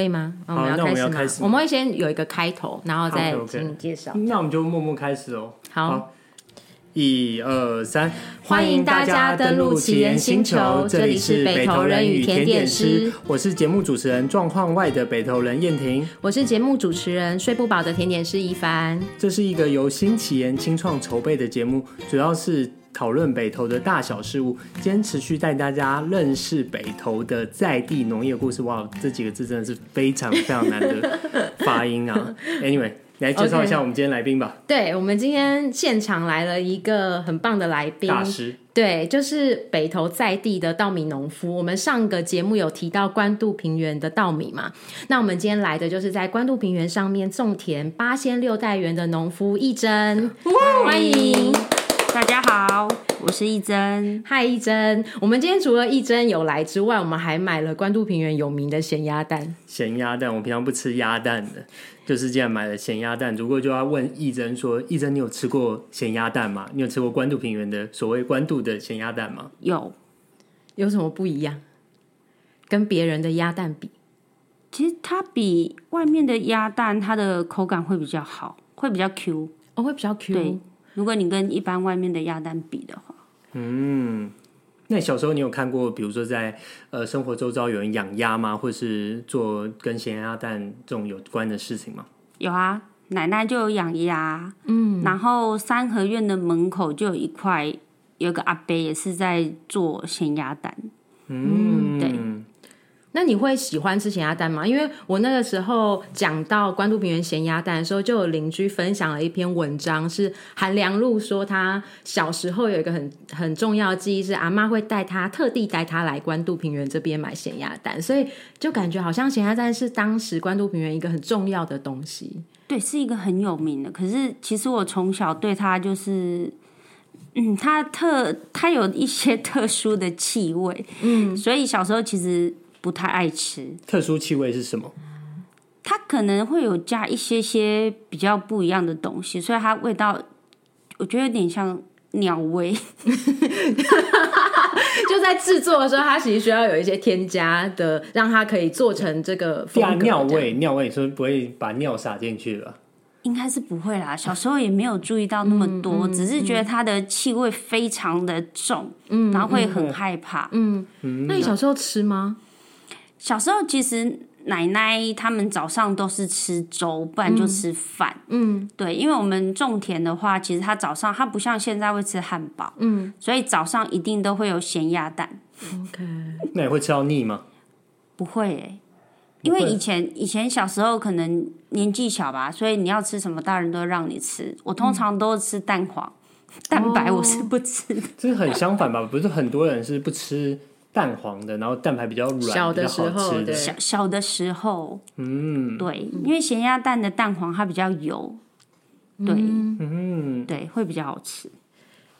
可以嗎？好、哦嗎，那我們要開始。我們會先有一個開頭，然後再請你介紹。那我們就默默開始哦。好，一、二、三，歡迎大家登錄奇岩星球，這裡是北投人與甜點師，我是節目主持人狀況外的北投人彥廷，我是節目主持人睡不飽的甜點師怡帆。這是一個由新奇岩青創籌備的節目，主要是。討論北投的大小事物，堅持去帶大家認識北投的在地農業故事。哇，這幾個字真的是非常非常難的發音啊！Anyway，你來介紹一下我們今天來賓吧。Okay. 對，我們今天現場來了一個很棒的來賓，大師。對，就是北投在地的稻米農夫。我們上個節目有提到關渡平原的稻米嘛？那我們今天來的就是在關渡平原上面種田八仙六代園的農夫亦真，歡迎。好，我是亦真。嗨，亦真。我們今天除了亦真有來之外，我們還買了關渡平原有名的鹹鴨蛋。鹹鴨蛋，我平常不吃鴨蛋的，就是既然買了鹹鴨蛋。如果就要問亦真說，亦真，你有吃過鹹鴨蛋嗎？你有吃過關渡平原的所謂關渡的鹹鴨蛋嗎？有。有什麼不一樣？跟別人的鴨蛋比，其實它比外面的鴨蛋，它的口感會比較好，會比較 Q。哦，會比較 Q。對。如果你跟一般外面的鴨蛋比的話，嗯，那小時候你有看過，比如說在呃生活周遭有人養鴨嗎？或是做跟鹹鴨蛋這種有關的事情嗎？有啊，奶奶就有養鴨，嗯，然後三合院的門口就有一塊，有個阿伯也是在做鹹鴨蛋，嗯，嗯，對。那你會喜歡吃鹹鴨蛋嗎？因為我那個時候講到關渡平原鹹鴨蛋的時候，就有鄰居分享了一篇文章，是韓良露說他小時候有一個很很重要的記憶，是阿媽會帶他特地帶他來關渡平原這邊買鹹鴨蛋，所以就感覺好像鹹鴨蛋是當時關渡平原一個很重要的東西。對，是一個很有名的。可是其實我從小對他就是，嗯，他特他有一些特殊的氣味，嗯，所以小時候其實。不太愛吃。特殊氣味是什麼？它、嗯、可能會有加一些些比較不一樣的東西，所以它味道我覺得有點像尿味。 就在製作的時候，它其實需要有一些添加的，讓它可以做成這個這。啊，尿味，尿味，所以不會把尿撒進去了？應該是不會啦。小時候也沒有注意到那麼多，嗯嗯嗯、只是覺得它的氣味非常的重、嗯，然後會很害怕，嗯。嗯，那你、嗯、小時候吃嗎？小時候其實奶奶他們早上都是吃粥，不然就吃飯。嗯，對，因為我們種田的話，其實他早上他不像現在會吃漢堡。嗯，所以早上一定都會有鹹鴨蛋。OK，那你會吃到膩嗎？不會、欸，因為以前以前小時候可能年紀小吧，所以你要吃什麼，大人都讓你吃。我通常都是吃蛋黃、嗯，蛋白我是不吃、哦。這是很相反吧？不是很多人是不吃。蛋黃的，然後蛋白比較軟，比較好吃的。小小，小的時候，嗯，對，因為鹹鴨蛋的蛋黃它比較油、嗯，對，嗯，對，會比較好吃。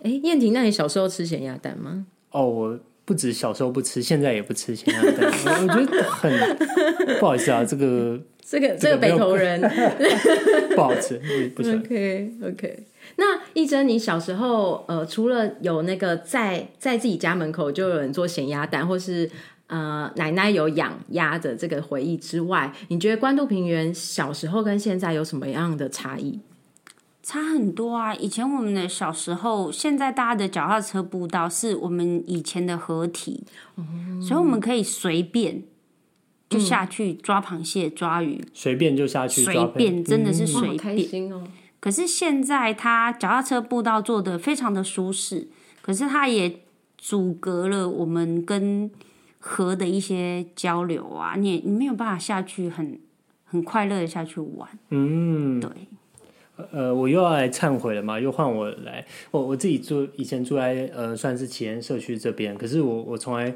哎、欸，彥廷，那你小時候吃鹹鴨蛋嗎？哦，我不止小時候不吃，現在也不吃鹹鴨蛋。 我覺得很不好意思啊，這個， 這個，這個、這個、北投人 不好吃， 不行。OK，OK，、okay, okay. 那。亦真，你小時候，呃，除了有那個在在自己家門口就有人做鹹鴨蛋，或是呃奶奶有養鴨的這個回憶之外，你覺得關渡平原小時候跟現在有什麼樣的差異？差很多啊！以前我們的小時候，現在大家的腳踏車步道是我們以前的河堤，嗯，所以我們可以隨便就下去抓螃蟹，抓魚，隨便就下去，隨便真的是隨便，嗯，哇，好開心哦。可是現在他腳踏車步道做得非常的舒適，可是它也阻隔了我們跟河的一些交流啊，你你沒有辦法下去很很快樂的下去玩。嗯，對，呃，我又要來懺悔了嘛，又換我來。我我自己住，以前住在呃，算是奇岩社區這邊，可是我我從來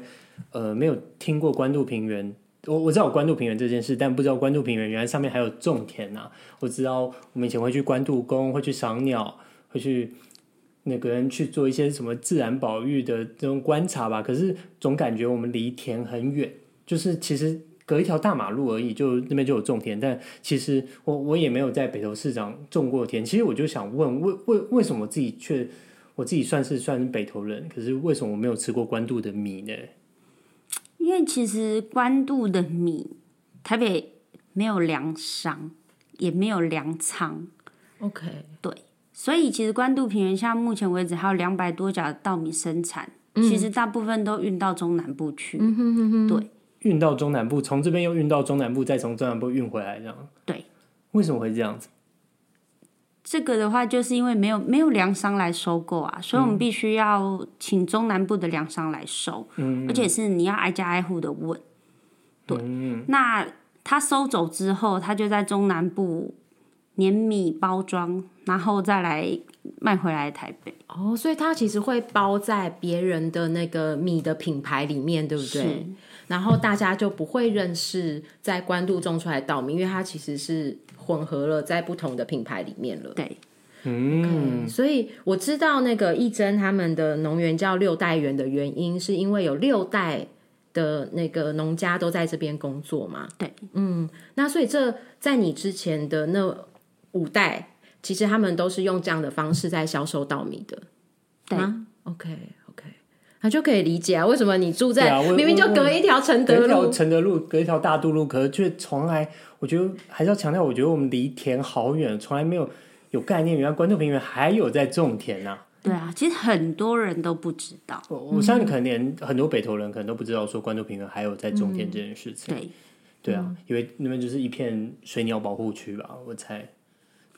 呃沒有聽過關渡平原。我我知道有關渡平原這件事，但不知道關渡平原原來上面還有種田吶、啊。我知道我們以前會去關渡宮，會去賞鳥，會去那個人去做一些什麼自然保育的這種觀察吧。可是總感覺我們離田很遠，就是其實隔一條大馬路而已，就那邊就有種田。但其實我我也沒有在北投市場種過田。其實我就想問，為為為什麼我自己卻我自己算是算是北投人，可是為什麼我沒有吃過關渡的米呢？因為其實關渡的米，台北沒有糧商，也沒有糧倉。OK，對，所以其實關渡平原現在目前為止還有兩百多甲稻米生產。嗯，其實大部分都運到中南部去。嗯哼哼哼。對，運到中南部，從這邊又運到中南部，再從中南部運回來這樣。對，為什麼會這樣子？這個的話，就是因為沒有沒有糧商來收購啊，所以我們必須要請中南部的糧商來收，嗯、而且是你要挨家挨戶的問。對，嗯嗯、那他收走之後，他就在中南部碾米、包裝，然後再來賣回來台北。哦，所以他其實會包在別人的那個米的品牌裡面，對不對？然後大家就不會認識在關渡種出來的稻米，因為它其實是。混合了在不同的品牌裡面了。對，okay, 嗯，所以我知道那個亦真他們的農園叫六代園的原因，是因為有六代的那個農家都在這邊工作嘛。對，嗯，那所以這在你之前的那五代，其實他們都是用這樣的方式在銷售稻米的。對、啊、OK。那就可以理解啊，為什麼你住在、啊、明明就隔一條承德，德路，隔一條大渡路，可是卻從來，我覺得還是要強調，我覺得我們離田好遠，從來沒有有概念。原來關渡平原還有在種田吶、啊，對啊，其實很多人都不知道，我相信可能連很多北投人可能都不知道，說關渡平原還有在種田這件事情、嗯。對，對啊，因為那邊就是一片水鳥保護區吧，我猜。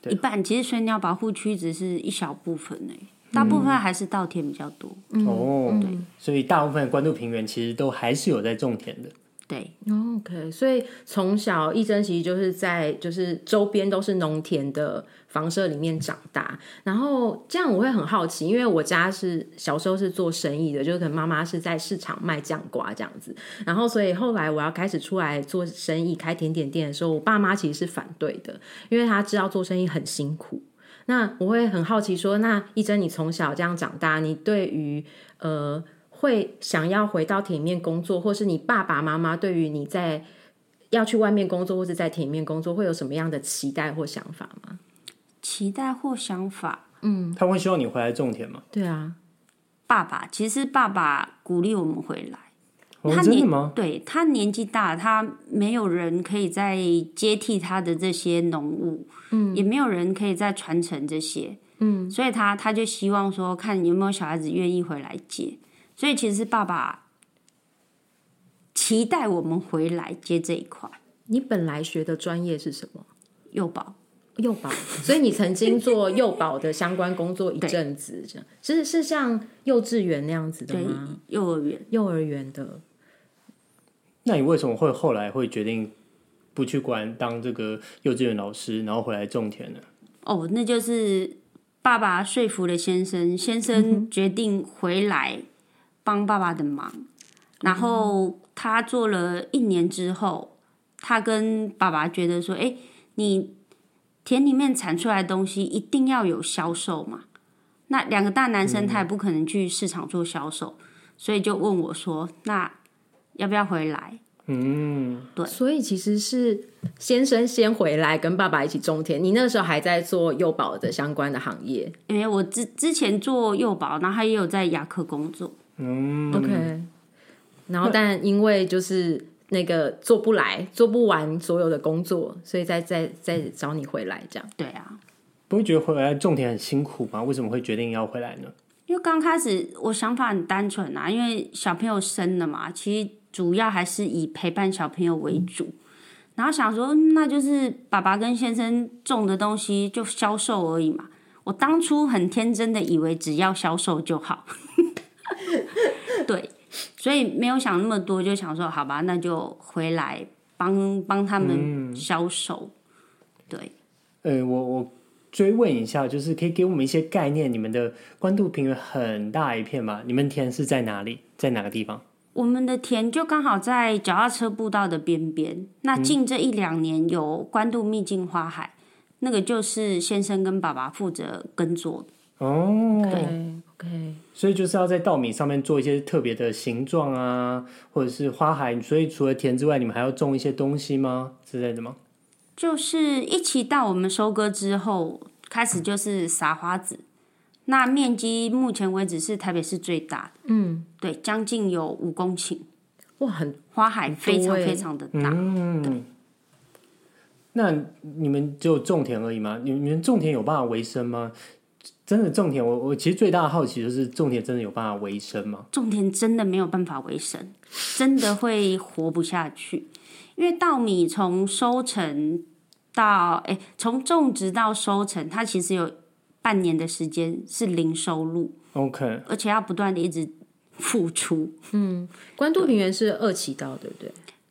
對，一般其實水鳥保護區只是一小部分呢、欸。大部分還是稻田比較多、嗯嗯、哦，對，所以大部分的關渡平原其實都還是有在種田的。對，OK。所以從小亦真其實就是在就是周邊都是農田的房舍裡面長大。然後這樣我會很好奇，因為我家是小時候是做生意的，就是可能媽媽是在市場賣醬瓜這樣子。然後所以後來我要開始出來做生意開甜點店的時候，我爸媽其實是反對的，因為他知道做生意很辛苦。那我會很好奇說，說那亦真，你從小這樣長大，你對於呃會想要回到田裡面工作，或是你爸爸媽媽對於你在要去外面工作，或者在田裡面工作，會有什麼樣的期待或想法嗎？期待或想法，嗯，他會希望你回來種田嗎？對啊，爸爸，其實爸爸鼓勵我們回來。他，他年，對，他年紀大，他沒有人可以再接替他的這些農務，嗯，也沒有人可以再傳承這些，嗯，所以他他就希望說，看有沒有小孩子願意回來接，所以其實爸爸期待我們回來接這一塊。你本來學的專業是什麼？幼保，幼保，所以你曾經做幼保的相關工作一陣子，這樣，其 實是，是像幼稚園那樣子的嗎？幼兒園，幼兒園的。那你為什麼會後來會決定不去管當這個幼稚園老師，然後回來種田呢？哦，那就是爸爸說服了先生，先生決定回來幫爸爸的忙、嗯。然後他做了一年之後，他跟爸爸覺得說：“哎、欸，你田裡面產出來的東西一定要有銷售嘛。那兩個大男生他也不可能去市場做銷售、嗯，所以就問我說：那？”要不要回來？嗯，對，所以其實是先生先回來跟爸爸一起種田。你那個時候還在做幼保的相關的行業，因為我之之前做幼保，然後他也有在牙科工作。嗯，OK。然後，但因為就是那個做不來，做不完所有的工作，所以在在在，在找你回來這樣。對啊，不會覺得回來種田很辛苦嗎？為什麼會決定要回來呢？因為剛開始我想法很單純啊，因為小朋友生了嘛，其實。主要還是以陪伴小朋友為主，然後想說，那就是爸爸跟先生種的東西就銷售而已嘛。我當初很天真的以為只要銷售就好， 對，所以沒有想那麼多，就想說好吧，那就回來幫幫他們銷售。嗯。對，呃，我我追問一下，就是可以給我們一些概念，你們的關渡平原很大一片嘛？你們田是在哪裡，在哪個地方？我們的田就剛好在腳踏車步道的邊邊。那近這一兩年有關渡秘境花海、嗯，那個就是先生跟爸爸負責耕作。哦，對，OK。所以就是要在稻米上面做一些特別的形狀啊，或者是花海。所以除了田之外，你們還要種一些東西嗎之類的嗎？就是一起到我們收割之後，開始就是撒花籽。嗯那面積目前為止是台北市最大的，嗯，對，將近有五公頃，哇，很花海，非常非常的大。欸、嗯對，那你們就種田而已嗎？你們種田有辦法維生嗎？真的種田，我我其實最大的好奇就是，種田真的有辦法維生嗎？種田真的沒有辦法維生，真的會活不下去， 因為稻米從收成到，哎、欸，從種植到收成，它其實有。半年的時間是零收入，OK，而且要不斷的一直付出。嗯，關渡平原是二期稻，對不對？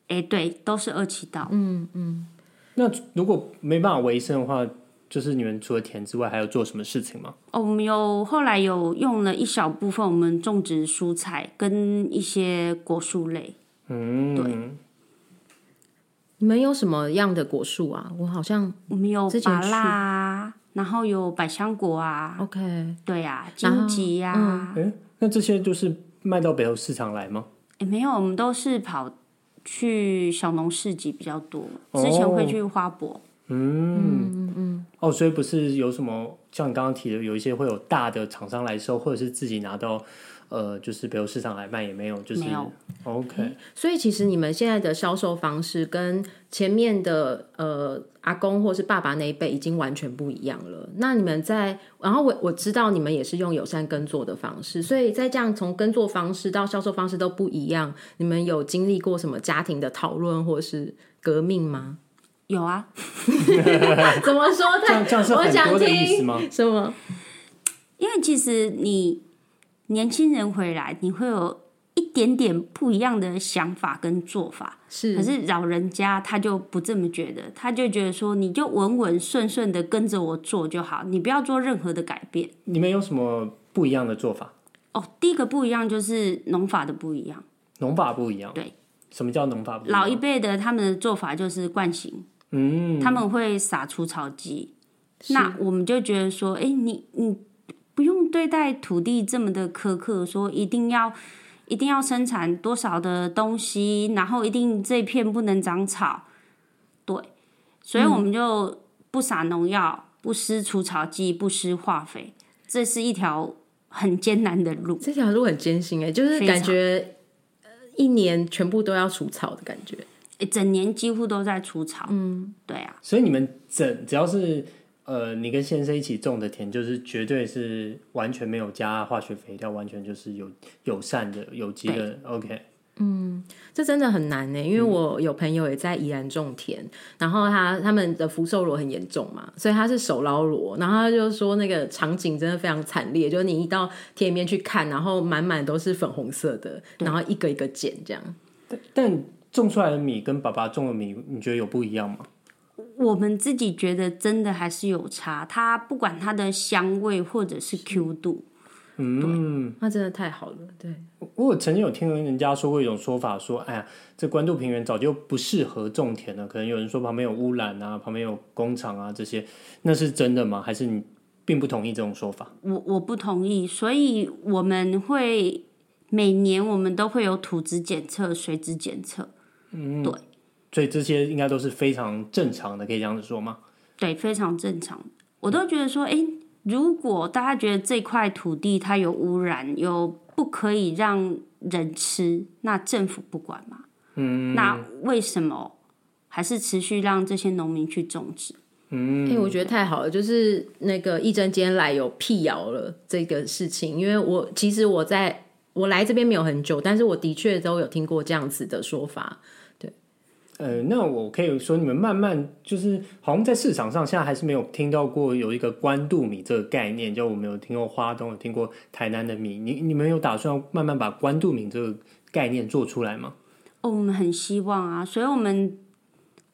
哎，對，都是二期稻。嗯嗯。那如果沒辦法維生的話，就是你們除了田之外，還有做什麼事情嗎？哦，我們有後來有用了一小部分，我們種植蔬菜跟一些果樹類。嗯，對。你們有什麼樣的果樹啊？我好像我們有芭樂。然後有百香果啊，OK，對呀，啊，金桔呀，啊嗯，那這些都是賣到北投市場來嗎？也沒有，我們都是跑去小農市集比較多，哦，之前會去花博，嗯嗯嗯，哦，所以不是有什麼像你剛剛提的，有一些會有大的廠商來收，或者是自己拿到。呃，就是比如市場來賣也沒有，就是 OK。所以其實你們現在的銷售方式跟前面的呃阿公或是爸爸那一輩已經完全不一樣了。那你們在，然後我我知道你們也是用友善耕作的方式，所以再這樣從耕作方式到銷售方式都不一樣。你們有經歷過什麼家庭的討論或是革命嗎？有啊， 怎麼說他？ 這樣這樣是很多的意思嗎？我想聽，什麼？因為其實你。年輕人回來，你會有一點點不一樣的想法跟做法。是，可是老人家他就不這麼覺得，他就覺得說，你就穩穩順順的跟着我做就好，你不要做任何的改變。你們有什麼不一樣的做法？哦，第一個不一樣就是農法的不一樣。農法不一樣。對。什麼叫農法不一樣？老一輩的他們的做法就是慣行，嗯，他們會撒除草劑，那我們就覺得說，哎、欸，你你。不用對待土地這麼的苛刻，說一定要，一定要生產多少的東西，然後一定這一片不能長草，對，所以我們就不撒農藥，不施除草劑，不施化肥，這是一條很艱難的路。這條路很艱辛誒，欸，就是感覺，一年全部都要除草的感覺，欸，整年幾乎都在除草，嗯，對啊。所以你們整只要是。呃，你跟先生一起種的田，就是絕對是完全沒有加化學肥料，完全就是有友善的有機的。OK，嗯，這真的很難呢，因為我有朋友也在宜蘭種田，嗯，然後他他們的福壽螺很嚴重嘛，所以他是手撈螺，然後他就說那個場景真的非常慘烈，就是，你一到田裡面去看，然後滿滿都是粉紅色的，然後一個一個撿這樣。但，但種出來的米跟爸爸種的米，你覺得有不一樣嗎？我們自己覺得真的還是有差，它不管它，的香味或者是 Q 度，嗯，那、啊、真的太好了。對，我我曾經有聽人家說過一種說法說，說哎呀，這關渡平原早就不適合種田了。可能有人說旁邊有污染啊，旁邊有工廠啊這些，那是真的嗎？還是你並不同意這種說法？我我不同意，所以我們會每年我們都會有土質檢測、水質檢測，嗯，對。所以這些應該都是非常正常的，可以這樣子說嗎？對，非常正常。我都覺得說，誒、欸，如果大家覺得這塊土地它有污染，有不可以讓人吃，那政府不管嗎？嗯，那為什麼還是持續讓這些農民去種植？嗯，為、欸，我覺得太好了，就是那個亦真今天來有闢謠了這個事情，因為我其實我在我來這邊沒有很久，但是我的確都有聽過這樣子的說法。呃，那我可以說，你們慢慢就是好像在市場上現在還是沒有聽到過有一個關渡米這個概念，就我們有聽過花東，有聽過台南的米，你你們有打算慢慢把關渡米這個概念做出來嗎？哦，我們很希望啊，所以我們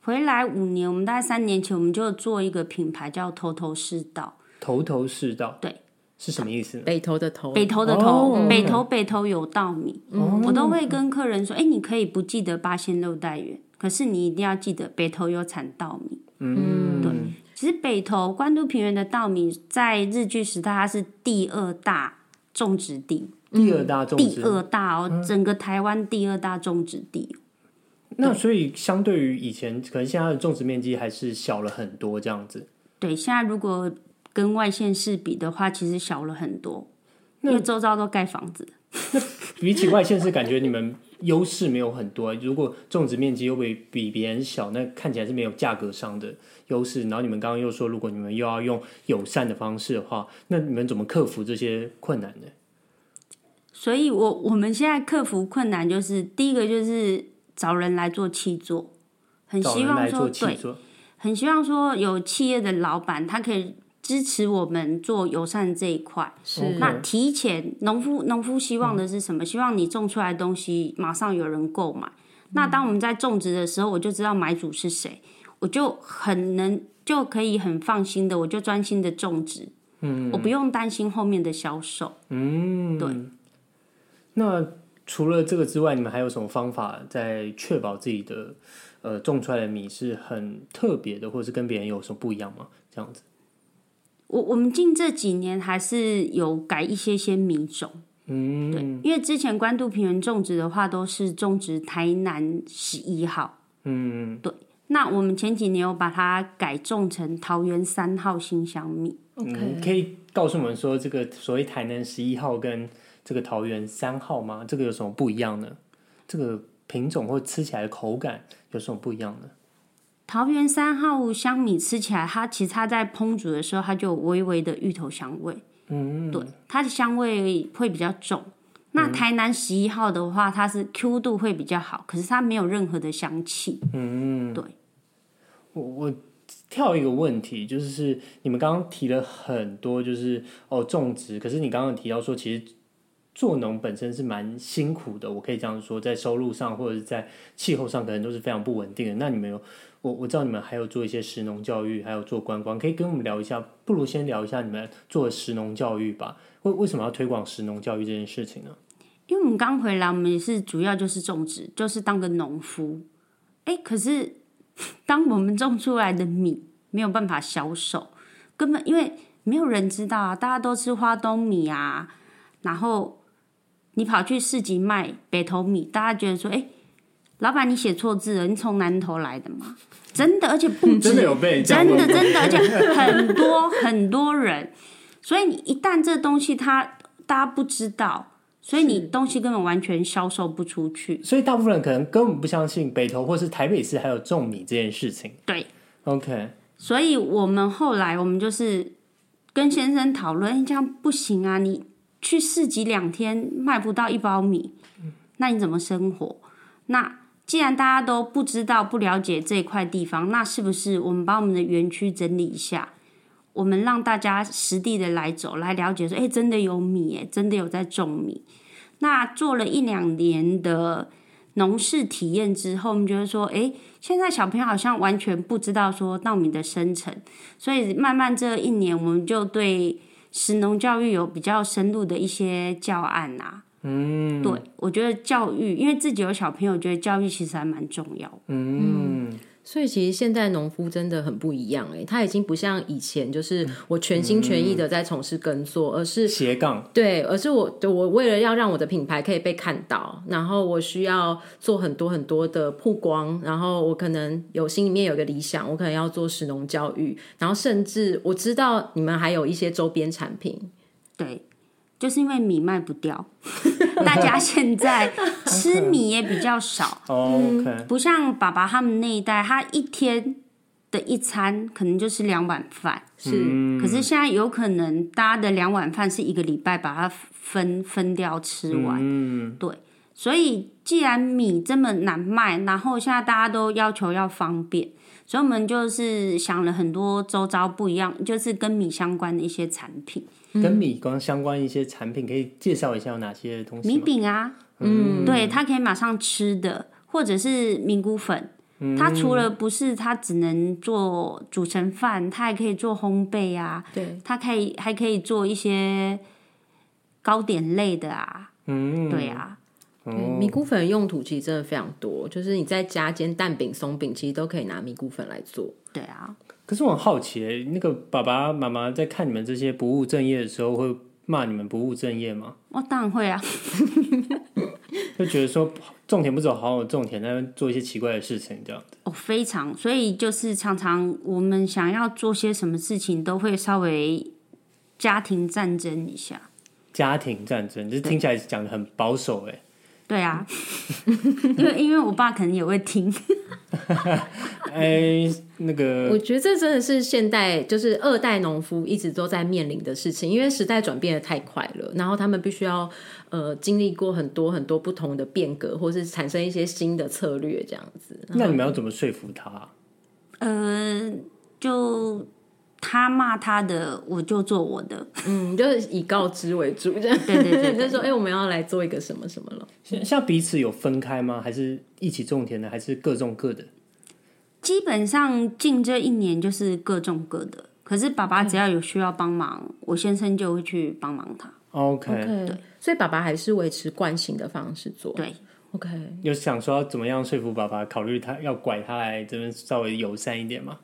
回來五年，我們大概三年前我們就做一個品牌叫“頭頭是道”，頭頭是道，對，是什麼意思呢？北投的頭，北投的頭，哦嗯、北投北投有稻米、哦，我都會跟客人說，哎、欸，你可以不記得八仙六代園。可是你一定要記得，北投有產稻米。嗯，對。其實北投關渡平原的稻米，在日據時代它是第二大種植地，第二大種、嗯，第二大哦、喔嗯，整個臺灣第二大種植地。那所以相對於以前，可能現在的種植面積還是小了很多，這樣子。對，現在如果跟外縣市比的話，其實小了很多，因為周遭都蓋房子。比起外縣市，感覺你們。 優勢沒有很多，如果種植面積又會比別人小，那看起來是沒有價格上的優勢。然後你們剛剛又說，如果你們又要用友善的方式的話，那你們怎麼克服這些困難呢？所以我，我我們現在克服困難，就是第一個就是找人來做契作，很希望說找人來做契作。對，很希望說有企業的老闆，他可以。支持我們做友善這一塊，是那提前、okay、農夫，農夫希望的是什麼？嗯，希望你種出來的東西馬上有人購買。嗯，那當我們在種植的時候，我就知道買主是誰，我就很能就可以很放心的我就專心的種植。嗯，我不用擔心後面的銷售。嗯，對。那除了這個之外，你們還有什麼方法在確保自己的呃種出來的米是很特別的，或是跟別人有什麼不一樣嗎？這樣子。我我們近這幾年還是有改一些些米種，嗯，對，因為之前關渡平原種植的話都是種植台南十一號，嗯，對。那我們前幾年有把它改種成桃園三號新香米。Okay。嗯，可以告訴我們說，這個所謂台南十一號跟這個桃園三號嗎？這個有什麼不一樣呢？這個品種或吃起來的口感有什麼不一樣的？桃園三號香米吃起來，它其實它在烹煮的時候，它就有微微的芋頭香味。嗯，對，它的香味會比較重。那台南十一號的話、嗯，它是 Q 度會比較好，可是它沒有任何的香氣。嗯，對。我我跳一個問題、嗯，就是你們剛剛提了很多，就是哦種植，可是你剛剛提到說，其實做農本身是蠻辛苦的。我可以這樣說，在收入上或者是在氣候上，可能都是非常不穩定的。那你們有？我我知道你們還有做一些食農教育，還有做觀光，可以跟我們聊一下。不如先聊一下你們做食農教育吧。為為什麼要推廣食農教育這件事情呢？因為我們剛回來，我們也是主要就是種植，就是當個農夫。哎、欸，可是當我們種出來的米沒有辦法銷售，根本因為沒有人知道啊，大家都吃花東米啊，然後你跑去市集賣北投米，大家覺得說，哎、欸。老闆，你寫錯字了，你從南投來的嗎？真的，而且不知 真的有被真的真的，真的 而且很多很多人，所以你一旦這東西他，他大家不知道，所以你東西根本完全銷售不出去。所以，大部分人可能根本不相信北投或是台北市還有種米這件事情。對，OK。所以我們後來我們就是跟先生討論，這樣不行啊，你去市集兩天賣不到一包米，那你怎麼生活？那既然大家都不知道、不了解這塊地方，那是不是我們把我們的園區整理一下，我們讓大家實地的來走、來了解？說，哎、欸，真的有米，哎，真的有在種米。那做了一兩年的農事體驗之後，我們覺得說，哎、欸，現在小朋友好像完全不知道說稻米的生成。所以慢慢這一年，我們就對食農教育有比較深入的一些教案啊。嗯，對。我覺得教育，因為自己有小朋友，我覺得教育其實還蠻重要。嗯，所以其實現在農夫真的很不一樣哎、欸，他已經不像以前，就是我全心全意的在從事耕作、嗯，而是斜槓對，而是我我為了要讓我的品牌可以被看到，然後我需要做很多很多的曝光，然後我可能有心裡面有一個理想，我可能要做食農教育，然後甚至我知道你們還有一些周邊產品，對。就是因為米賣不掉， 大家現在吃米也比較少，okay. 嗯 okay. 不像爸爸他們那一代，他一天的一餐可能就是兩碗飯，嗯。是，可是現在有可能大家的兩碗飯是一個禮拜把它分分掉吃完，嗯。對。所以既然米這麼難賣，然後現在大家都要求要方便，所以我們就是想了很多周遭不一樣，就是跟米相關的一些產品。跟米光相關一些產品，嗯、可以介紹一下有哪些東西？米餅啊，嗯，對，它可以馬上吃的，或者是米穀粉。它、嗯、除了不是它只能做煮成飯，它還可以做烘焙啊。對，它可以還可以做一些糕點類的啊。嗯，對啊。哦、米穀粉用途其實真的非常多，就是你在家煎蛋餅、鬆餅，其實都可以拿米穀粉來做。對啊。可是我很好奇、欸，那個爸爸媽媽在看你們這些不務正業的時候，會罵你們不務正業嗎？我當然會啊， 就覺得說種田不走，好好種田，在那邊做一些奇怪的事情這樣子。哦，非常，所以就是常常我們想要做些什麼事情，都會稍微家庭戰爭一下。家庭戰爭，這、就是、聽起來講的很保守哎、欸。對對啊，因為因為我爸可能也會聽 ，哎、 欸，那個，我覺得這真的是現代，就是二代農夫一直都在面臨的事情，因為時代轉變得太快了，然後他們必須要呃經歷過很多很多不同的變革，或是產生一些新的策略這樣子。那你們要怎麼說服他、啊？嗯、呃，就。他罵他的，我就做我的，嗯，就是以告知為主。這樣。 對對對， 就說哎、欸，我們要來做一個什麼什麼了。像像彼此有分開嗎？還是一起種田的？還是各種各的？基本上近這一年就是各種各的。可是爸爸只要有需要幫忙、嗯，我先生就會去幫忙他。OK，對，所以爸爸還是維持慣性的方式做。對，OK，有想說要怎麼樣說服爸爸考慮他要拐他來這邊稍微友善一點嗎？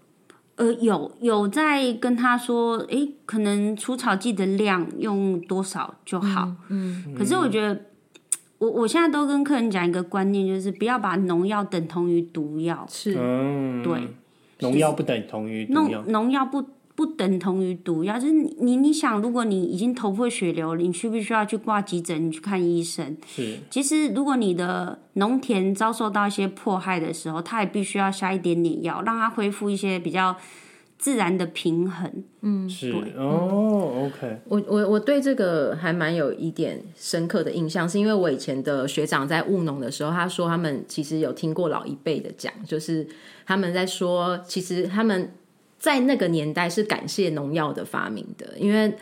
呃，有有在跟他說，哎、欸，可能除草劑的量用多少就好。嗯嗯、可是我覺得，我我現在都跟客人講一個觀念，就是不要把農藥等同於毒藥。是，對，農藥不等同於毒藥，農藥、嗯、不。不等同於毒藥，就是你，你想，如果你已經頭破血流了，你需不需要去掛急診？你去看醫生？是。其實，如果你的農田遭受到一些迫害的時候，他也必須要下一點點藥，讓它恢復一些比較自然的平衡。嗯，對哦，oh，OK。我我我對這個還蠻有一點深刻的印象，是因為我以前的學長在務農的時候，他說他們其實有聽過老一輩的講，就是他們在說，其實他們。在那個年代是感謝農藥的發明的，因為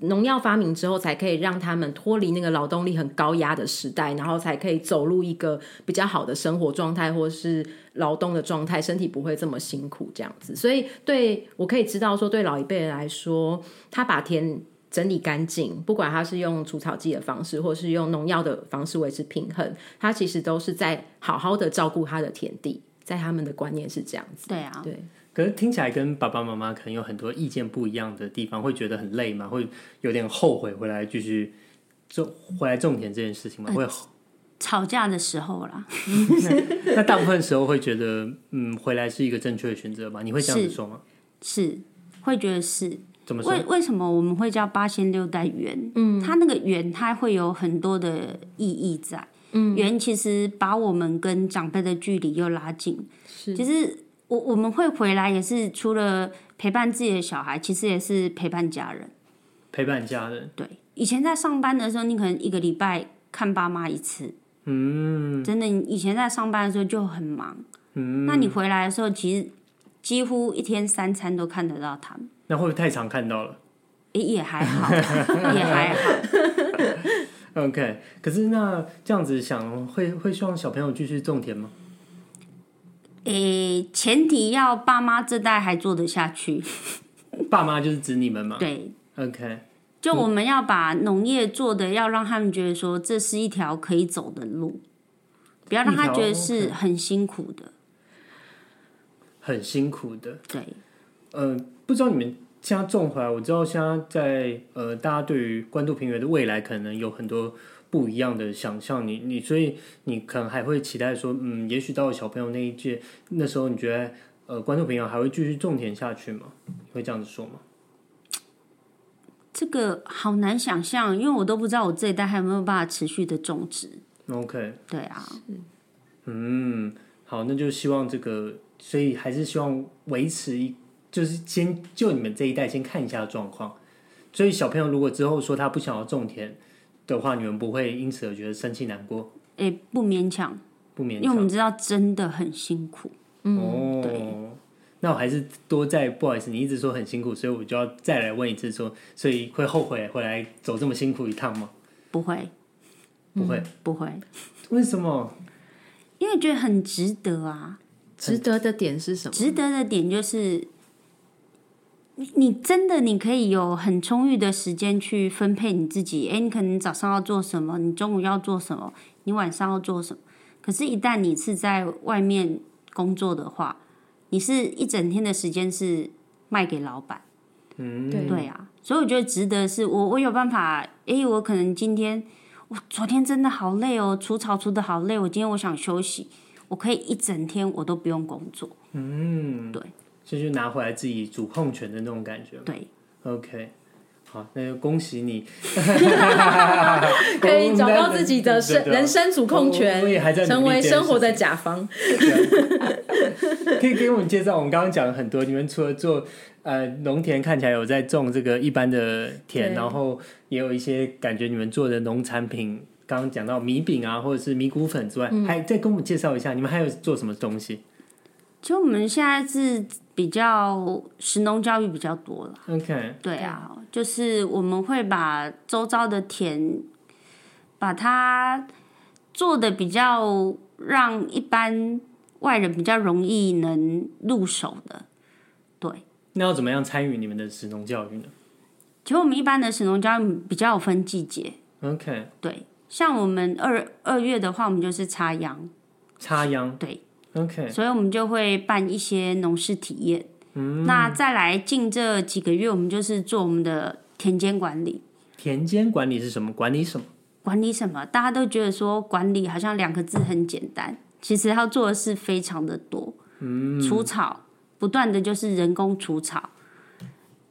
農藥發明之後，才可以讓他們脫離那個勞動力很高壓的時代，然後才可以走入一個比較好的生活狀態，或是勞動的狀態，身體不會這麼辛苦這樣子。所以對，對我可以知道說，對老一輩人來說，他把田整理乾淨，不管他是用除草劑的方式，或是用農藥的方式維持平衡，他其實都是在好好的照顧他的田地，在他們的觀念是這樣子。對啊，對。可是聽起來跟爸爸媽媽可能有很多意見不一樣的地方，會覺得很累嘛，會有點後悔回來繼續種回來種田這件事情嘛，會、呃、吵架的時候啦。 那大部分時候會覺得，嗯，回來是一個正確的選擇嗎？你會這樣子說嗎？是，是會覺得是。怎麼說？為為什麼我們會叫八仙六代園？嗯，它那個園它會有很多的意義在。嗯，園其實把我們跟長輩的距離又拉近。是，其、就是。我我們會回來，也是除了陪伴自己的小孩，其實也是陪伴家人。陪伴家人，對。以前在上班的時候，你可能一個禮拜看爸媽一次。嗯。真的，你以前在上班的時候就很忙。嗯。那你回來的時候，其實幾乎一天三餐都看得到他們。那會不會太常看到了？也也還好，也還好。 還好 OK，可是那這樣子想，會會希望小朋友繼續種田嗎？誒、欸，前提要爸媽這代還做得下去。 爸媽就是指你們嘛？對，OK，就我們要把農業做的，要讓他們覺得說這是一條可以走的路。嗯，不要讓他覺得是很辛苦的，okay，很辛苦的。對，嗯、呃，不知道你們家種回來，我知道現在在呃，大家對於關渡平原的未來可能有很多。不一樣的想象，你你所以你可能還會期待說，嗯，也許到了小朋友那一屆，那時候你覺得，呃，觀眾朋友還會繼續種田下去嗎？會這樣子說嗎？這個好難想象，因為我都不知道我這一代還有沒有辦法持續的種植。OK，對啊，嗯，好，那就希望這個，所以還是希望維持一，就是先就你們這一代先看一下狀況。所以小朋友如果之後說他不想要種田，的話，你們不會因此而覺得生氣難過？誒、欸，不勉強，不勉強，因為我們知道真的很辛苦。嗯、哦對，那我還是多再不好意思，你一直說很辛苦，所以我就要再來問一次說，說所以會後悔回來走這麼辛苦一趟嗎？不會，不會，嗯，不會。為什麼？因為覺得很值得啊！值得的點是什麼？值得的點就是。你真的，你可以有很充裕的時間去分配你自己。誒，你可能早上要做什麼，你中午要做什麼，你晚上要做什麼。可是，一旦你是在外面工作的話，你是一整天的時間是賣給老闆。嗯，對啊。所以我覺得值得是，是我我有辦法。哎，我可能今天我昨天真的好累哦，除草除得好累哦，我今天我想休息，我可以一整天我都不用工作。嗯，對。就是拿回來自己主控權的那種感覺。對，OK，好，那就恭喜你， 可以找到自己的生人生主控權，成為生活的甲方。 可以給我們介紹，我們剛剛講了很多，你們除了做呃農田看起來有在種這個一般的田，然後也有一些感覺你們做的農產品，剛剛講到米餅啊，或者是米谷粉之外，嗯、還再給我們介紹一下，你們還有做什麼東西？其實我們現在是比較食農教育比較多了。OK，對啊，就是我們會把周遭的田，把它做得比較讓一般外人比較容易能入手的。對，那要怎麼樣參與你們的食農教育呢？其實我們一般的食農教育比較有分季節。OK，對，像我們二二月的話，我們就是插秧。插秧，對。OK，所以我們就會辦一些農事體驗。嗯，那再來近這幾個月，我們就是做我們的田間管理。田間管理是什麼？管理什麼？管理什麼？大家都覺得說管理好像兩個字很簡單，其實要做的事非常的多。嗯，除草，不斷的就是人工除草。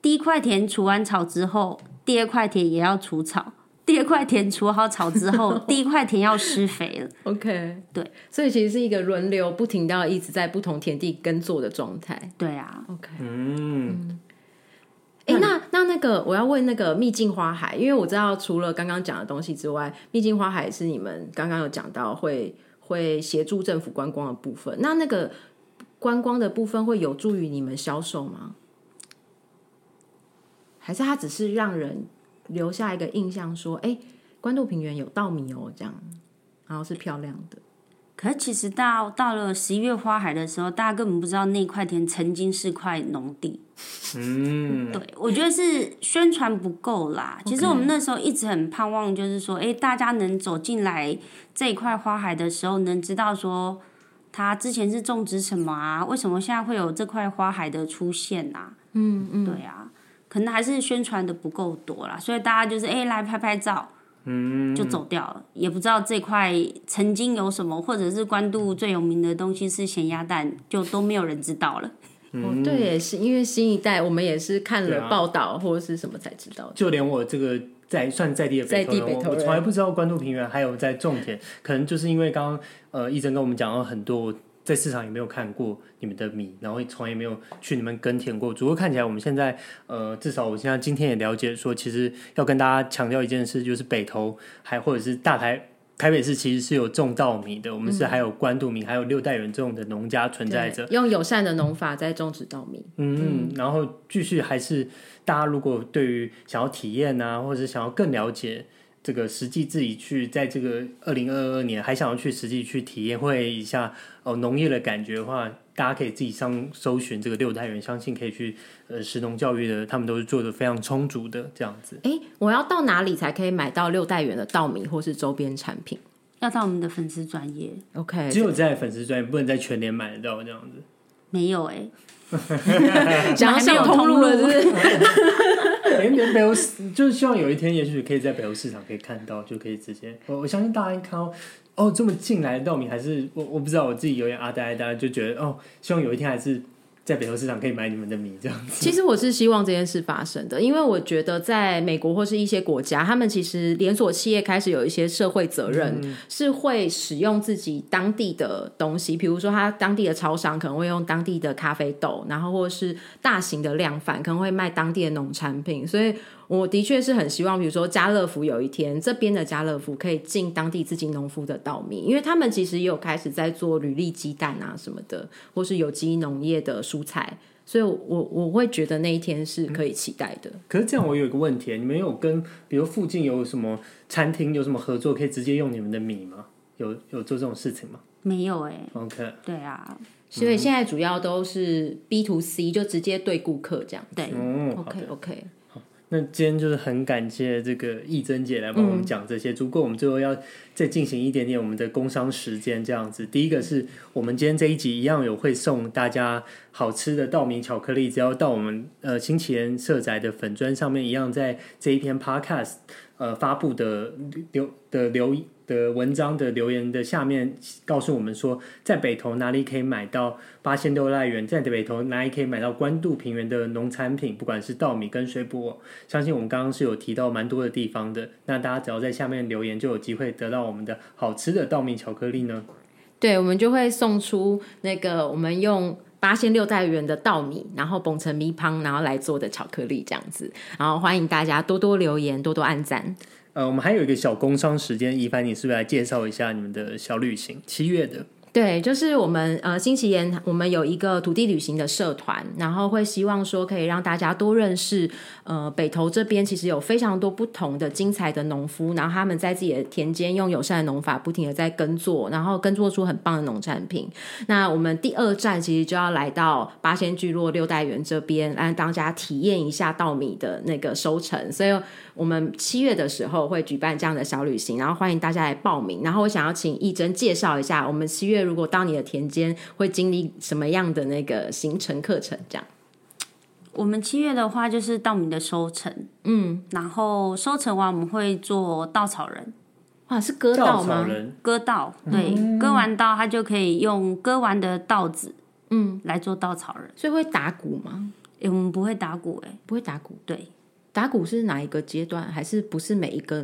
第一塊田除完草之後，第二塊田也要除草。第二塊田除好草之後， 第一塊田要施肥了。 OK，對，所以其實是一個輪流、不停到一直在不同田地耕作的狀態。對啊，OK，嗯，欸、嗯那那那個，我要問那個秘境花海，因為我知道除了剛剛講的東西之外，秘境花海是你們剛剛有講到會會協助政府觀光的部分。那那個觀光的部分會有助於你們銷售嗎？還是它只是讓人？留下一個印象，說：“哎、欸，關渡平原有稻米哦、喔，這樣，然後是漂亮的。可是其實到到了十一月花海的時候，大家根本不知道那塊田曾經是塊農地。嗯，對，我覺得是宣傳不夠啦。 其實我們那時候一直很盼望，就是說，哎、okay 欸，大家能走進來這一塊花海的時候，能知道說他之前是種植什麼啊？為什麼現在會有這塊花海的出現啊？嗯嗯，對啊。”可能還是宣傳的不夠多啦，所以大家就是哎、欸、來拍拍照，嗯，就走掉了，也不知道這塊曾經有什麼，或者是關渡最有名的東西是鹹鴨蛋，就都沒有人知道了。嗯、哦，對，也是因為新一代我們也是看了報道、啊、或者是什麼才知道，就連我這個在算在地的在地北投我從來不知道關渡平原還有在種田，可能就是因為剛剛呃亦真跟我們講了很多。在市場也沒有看過你們的米，然後也從來也沒有去你們耕田過。不過看起來我們現在，呃，至少我現在今天也了解說，說其實要跟大家強調一件事，就是北投還或者是大台台北市其實是有種稻米的，嗯。我們是還有關渡米，還有六代人這種的農家存在着，用友善的農法在種植稻米。嗯，嗯，然後繼續還是大家如果對於想要體驗啊，或者是想要更了解。這個實際自己去在這個二零二二年還想要去實際去體驗會一下哦農業的感覺的話，大家可以自己上搜尋這個六代園，相信可以去呃食農教育的，他們都是做的非常充足的這樣子。哎、欸，我要到哪裡才可以買到六代園的稻米或是周邊產品？要到我們的粉絲專頁，OK，只有在粉絲專頁，不能在全聯買得到這樣子。沒有哎、欸，然 後想通路了是。 連北投就是希望有一天，也許可以在北投市場可以看到，就可以直接。我我相信大家一看哦，哦，這麼近來的稻米，還是我我不知道我自己有點阿呆，大家就覺得哦，希望有一天還是。在北投市場可以買你們的米這樣子。其實我是希望這件事發生的，因為我覺得在美國或是一些國家，他們其實連鎖企業開始有一些社會責任、嗯，是會使用自己當地的東西。譬如說，他當地的超商可能會用當地的咖啡豆，然後或是大型的量販可能會賣當地的農產品，所以。我的確是很希望，比如說家樂福有一天這邊的家樂福可以進當地自己農夫的稻米，因為他們其實也有開始在做履歷雞蛋啊什麼的，或是有機農業的蔬菜，所以我我會覺得那一天是可以期待的。嗯、可是這樣我有一個問題，嗯、你們有跟比如附近有什麼餐廳有什麼合作，可以直接用你們的米嗎？有有做這種事情嗎？沒有哎、欸。OK。對啊，所以現在主要都是 B to C，就直接對顧客這樣，對。嗯，OK OK。那今天就是很感謝這個亦真姐來幫我們講這些。如、嗯、果我們最後要再進行一點點我們的工商時間這樣子。第一個是我們今天這一集一樣有會送大家好吃的稻米巧克力，只要到我們呃新奇人社宅的粉專上面一樣在這一篇 podcast 呃發布的留的留，的留的文章的留言的下面告訴我們說，在北投哪裡可以買到八仙六代園？在北投哪裡可以買到關渡平原的農產品？不管是稻米跟水果，哦，相信我們剛剛是有提到蠻多的地方的。那大家只要在下面留言，就有機會得到我們的好吃的稻米巧克力呢。對，我們就會送出那個我們用八仙六代園的稻米，然後捧成米香，然後來做的巧克力這樣子。然後歡迎大家多多留言，多多按讚。呃，我們還有一個小工商時間，怡帆，你是不是來介紹一下你們的小旅行？七月的。對，就是我們呃新奇研，我們有一個土地旅行的社團，然後會希望說可以讓大家多認識呃北投這邊其實有非常多不同的精彩的農夫，然後他們在自己的田間用友善的農法不停的在耕作，然後耕作出很棒的農產品。那我們第二站其實就要來到八仙聚落六代園這邊，讓大家體驗一下稻米的那個收成，所以。我們七月的時候會舉辦這樣的小旅行，然後歡迎大家來報名。然後我想要請亦真介紹一下，我們七月如果到你的田間會經歷什麼樣的那個行程課程？這樣，我們七月的話就是稻米的收成，嗯，然後收成完我們會做稻草人，哇，是割稻嗎？割稻，對、嗯，割完稻它就可以用割完的稻子，嗯，來做稻草人、嗯。所以會打鼓嗎？欸、我們不會打鼓、欸，哎，不會打鼓，對。打穀是哪一個階段，還是不是每一個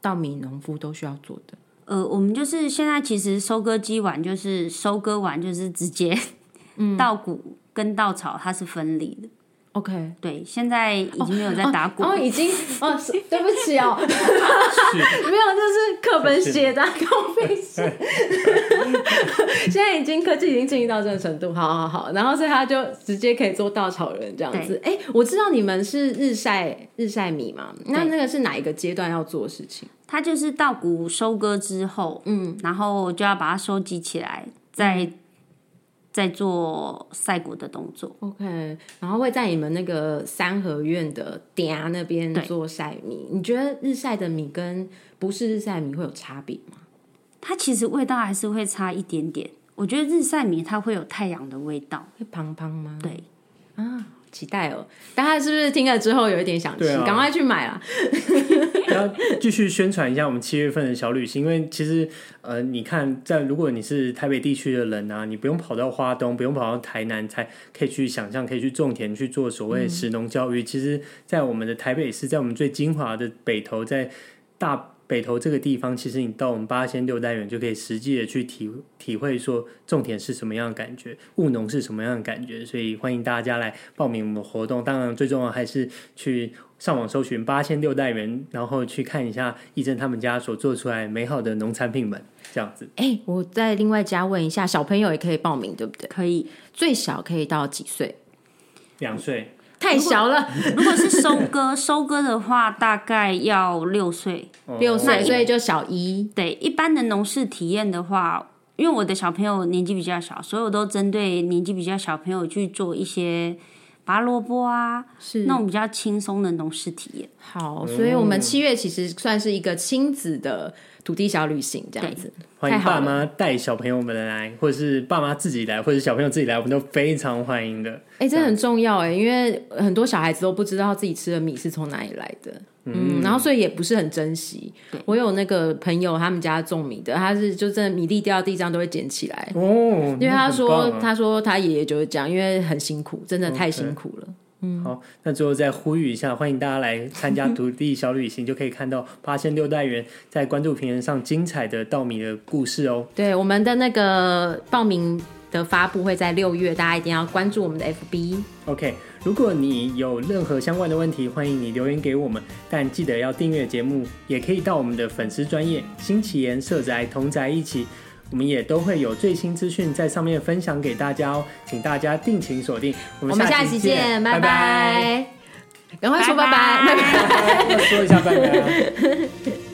稻米農夫都需要做的？呃，我們就是現在其實收割機完就是收割完就是直接，稻谷跟稻草它是分離的。OK，對，現在已經沒有在打鼓，哦、oh, oh,，oh, oh, 已經 哦，對不起哦， 沒有，就是課本寫的，給 我 現在已經科技已經進入到這個程度，好好好，然後所以他就直接可以做稻草人這樣子。哎、欸，我知道你們是日曬日曬米嘛，那那個是哪一個階段要做的事情？他就是稻谷收割之後，嗯，然後就要把它收集起來，再、嗯。在做曬穀的動作，OK，然後會在你們那個三合院的頂那邊做曬米。你覺得日曬的米跟不是日曬米會有差別嗎？它其實味道還是會差一點點。我覺得日曬米它會有太陽的味道，會胖胖嗎？對，啊。期待哦！大家是不是聽了之後有一點想吃，啊？趕快去買啊！要 繼續宣傳一下我們七月份的小旅行，因為其實呃，你看，在如果你是台北地區的人啊，你不用跑到花東，不用跑到台南，才可以去想象，可以去種田去做所謂的食農教育。嗯、其實，在我們的台北市，是在我們最精華的北投，在大。北投這個地方，其實你到我們八仙六代園就可以實際的去體體會說種田是什麼樣的感覺，務農是什麼樣的感覺，所以歡迎大家來報名我們的活動。當然，最重要還是去上網搜尋八仙六代園，然後去看一下亦真他們家所做出來美好的農產品們，這樣子。誒、欸，我再另外加問一下，小朋友也可以報名對不對？可以，最小可以到幾歲？兩、嗯、歲。太小了。如果，如果是收割， 收割的話大概要六歲，六歲、嗯、所以就小一。對，一般的農事體驗的話，因為我的小朋友年紀比較小，所以我都針對年紀比較小朋友去做一些。拔蘿蔔啊，是那，那種比較輕鬆的農事體驗。好，所以，我們七月其實算是一個親子的土地小旅行，這樣子。歡迎爸媽帶小朋友們來，或者是爸媽自己來，或者小朋友自己來，我們都非常歡迎的。哎、欸，這很重要哎，因為很多小孩子都不知道自己吃的米是從哪裡來的。嗯，然後所以也不是很珍惜。我有那個朋友，他們家種米的，他是就在米粒掉到地上都會撿起來哦，因為他說、啊、他說他爺爺就會這樣，因為很辛苦，真的太辛苦了。Okay. 嗯，好，那最後再呼籲一下，歡迎大家來參加土地小旅行， 就可以看到八仙六代園在關渡平原上精彩的稻米的故事哦。對，我們的那個報名。的發佈會在六月，大家一定要關注我們的 FB。OK，如果你有任何相關的問題，歡迎你留言給我們。但記得要訂閱節目，也可以到我們的粉絲專頁新奇言社宅同宅一起，我們也都會有最新資訊在上面分享給大家哦，請大家定情鎖定我。我們下期見，拜拜！趕快說拜拜！發發拜拜拜拜。 說一下拜拜。